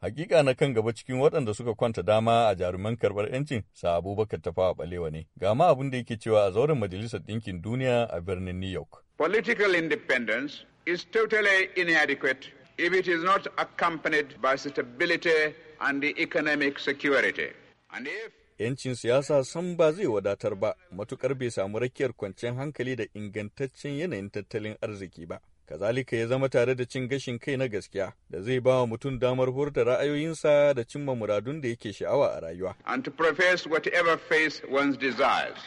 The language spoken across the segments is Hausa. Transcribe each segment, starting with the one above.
Hakika na kan gaba cikin waɗanda suka kwanta dama a jaruman karɓar 'yancin sa Abubakar tafa Balewa ne. Ga ma abin da yake cewa a zauren Majalisar Ɗinkin Duniya a birnin New York. Political independence is totally inadequate if it is not accompanied by stability and the economic security. And if yancin siyasa san ba zai wadatar ba matukar bai samu rakiyar kwanciyar hankali da ingantaccen yanayin tattalin arziki ba. kazalika ya zama tare da cin gashin kai na gaskiya da zai ba wa mutum damar hurta ra'ayoyinsa da cimma muradun da yake sha'awa a rayuwa. And to profess whatever faith one's desires.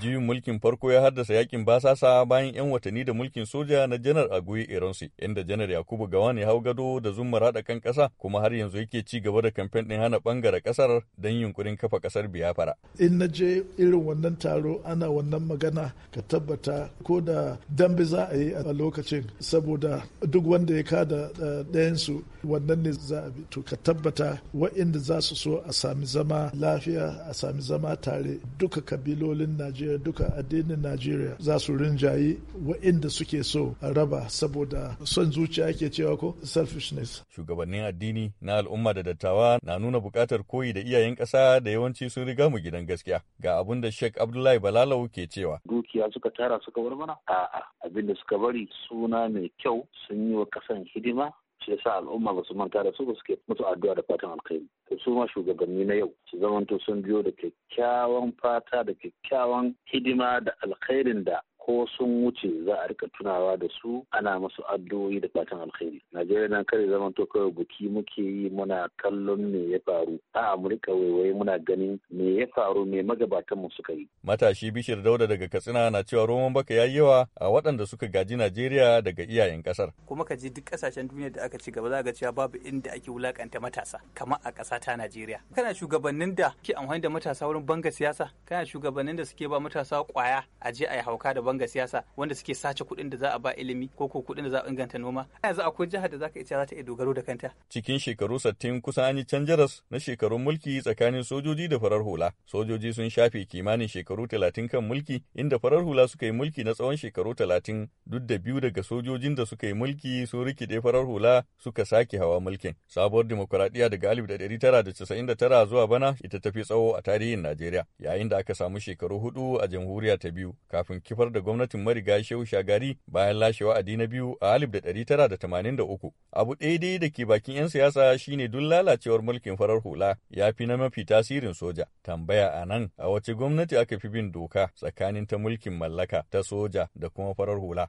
Juyin mulkin farko ya haddasa yakin basasa bayan 'yan watanni da mulkin soja na Janar Agoye Eronsi, inda Janar Yakubu Gawan ya hau gado da zumma rada kan kasa kuma har yanzu yake ci gaba da kamfen ɗin hana ɓangare kasar don yunkurin kafa kasar Biafra. In na je irin wannan taro ana wannan magana ka tabbata ko da dambe za a yi a lokacin saboda duk wanda ya kada ɗayansu wannan ne za a bi. To ka tabbata wa'inda za su so a sami zama lafiya a sami zama tare duka kabilolin Najeriya najeriya duka addinin najeriya za su rinjayi wa'inda suke so a raba saboda son zuciya ke cewa ko selfishness shugabannin addini na al'umma da dattawa na nuna buƙatar koyi da iyayen ƙasa da yawanci sun riga mu gidan gaskiya ga abin da sheikh abdullahi balalau ke cewa dukiya suka tara suka bar mana a'a abin da suka bari suna mai kyau sun yi wa ƙasan hidima shi yasa al'umma ba su manta da su ba suke musu addu'a da fatan alkhairi to su ma shugabanni na yau su zamanto sun biyo da kyakkyawan fata da kyakkyawan hidima da alkhairin da ko sun wuce za a rika tunawa da su ana masu addu'o'i da fatan alkhairi najeriya nan kare zaman to kawai buki muke yi muna kallon me ya faru a mu rika muna ganin me ya faru me magabatanmu suka yi matashi bishir dauda daga katsina na cewa roman baka yayi yawa a waɗanda suka gaji najeriya daga iyayen kasar kuma ka je duk ƙasashen duniya da aka ci gaba za ga cewa babu inda ake wulakanta matasa kamar a ƙasa ta najeriya kana shugabannin da ke amfani da matasa wurin banga siyasa kana shugabannin da suke ba matasa kwaya a je a yi hauka da banga bangar siyasa wanda suke sace kuɗin da za a ba ilimi ko ko kuɗin da za a inganta noma yanzu akwai jihar da za ka iya za ta iya dogaro da kanta cikin shekaru sattin kusa an yi canjaras na shekarun mulki tsakanin sojoji da farar hula sojoji sun shafe kimanin shekaru talatin kan mulki inda farar hula suka yi mulki na tsawon shekaru talatin duk da biyu daga sojojin da suka yi mulki sun rikide farar hula suka sake hawa mulkin. Sabuwar dimokuraɗiyya daga 1999 zuwa bana ita tafi tsawo a tarihin Najeriya, yayin da aka samu shekaru hudu a jamhuriya ta biyu kafin kifar da gwamnatin mariga Shehu Shagari bayan lashewa wa'adi na biyu a 1983. Abu dai-dai da ke bakin 'yan siyasa shine duk lalacewar mulkin farar hula ya fi na mafi tasirin soja. Tambaya a nan a wace gwamnati aka fi bin doka tsakanin ta mulkin mallaka ta soja da kuma farar hula.